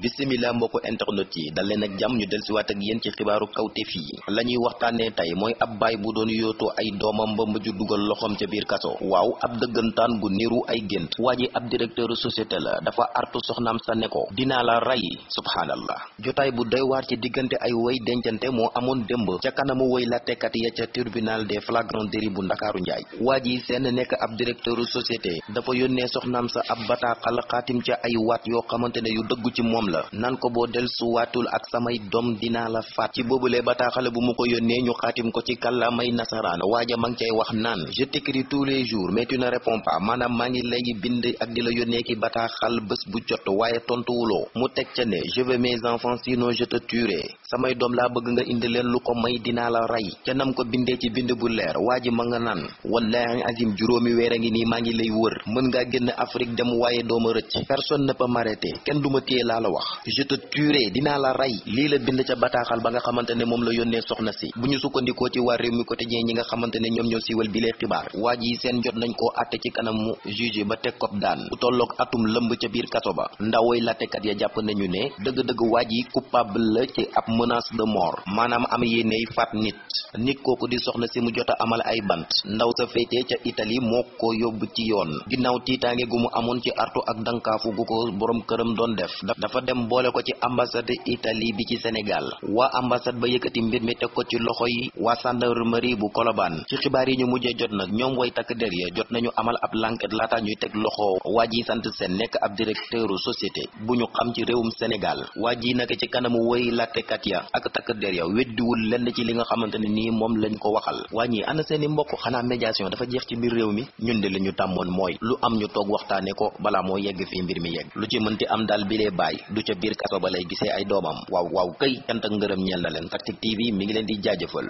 bisimila mbokku internet yi dal leen ak jàmm ñu dellusiwaat ak yéen ci xibaaru kawteef yi la ñuy waxtaanee tey mooy ab baay bu doon yóotoo ay doomam ba mujj dugal loxoom ca biir kaso waaw ab dëggantaan bu niru ay gént waa ji ab directeur société la dafa artu soxnaam sa ne ko dinaa la rey subhaanallah jotaay bu doy waar ci diggante ay woy dencante moo amoon démb ca kanamu woy la tekkat ya ca tribunal des flagrants délits bu ndakaaru njaay waa ji seen nekk ab directeur société dafa yónnee soxnaam sa ab bataaxal xaatim ca ay waat yoo xamante ne yu dëggu ci moom la la nan ko boo del suwaatul ak samay doom dinaa la faat ci boobulee bataaxale bu mu ko yónnee ñu xaatim ko ci kàllaamay nasaraan waaja ma ngi cay wax naan je t'écris tous les jours mais tu ne pas maanaam maa ngi lay bind ak di la yónnee ki bataaxal bés bu jot waaye tontuwuloo mu teg ca ne je veux mes enfants sinon je te samay doom laa bëgg nga indi leen lu ko may dinaa la rey ca nam ko bindee ci bind bu leer waa ji ma nga naan wallahi azim juróomi weer a ngi nii maa ngi lay wër mën ngaa génn Afrique dem waaye dooma rëcc personne ne peut m'arrêter kenn du ma laa la wax je te tuerai dinaa la rey lii la bind ca bataaxal ba nga xamante moom la yónnee soxna si bu ñu sukkandikoo ci waa réew mi quotidien ñi nga xamante ne ñoom ñoo siiwal bi lee xibaar waa ji seen jot nañ koo àtte ci kanamu juge ba teg kob daan bu tolloog atum lëmb ca biir menace de mort maanaam am yéeney faat nit nit kooku di soxna si mu jot a amal ay bant ndaw sa féetee ca Italie moo ko yóbbu ci yoon ginnaaw tiitaange gu mu amoon ci artu ak dankaafu gu ko borom këram doon def dafa dem boole ko ci ambassade Italie bi ci Sénégal waa ambassade ba yëkkati mbir mi teg ko ci loxo yi waa gendarmerie bu Colobane ci xibaar yi ñu mujjee jot nag ñoom way takk der ya jot nañu amal ab lanket laata ñuy teg loxo waa ji sant seen nekk ab directeuru société bu ñu xam ci réewum Sénégal ya ak takk der ya weddiwul lenn ci li nga xamante nii moom lañ ko waxal waa ñi ana seeni mbokk xanaa médiation dafa jeex ci biir réew mi ñun de li tàmmoon mooy lu am ñu toog waxtaane ko balaa moo yegg fii mbir mi yegg lu ci mënti am daal bi lee bàyyi du ca biir kaso ba lay gisee ay doomam waaw waaw kay cant ngërëm ñeel na leen Tactic TV mi ngi leen di jaajëfal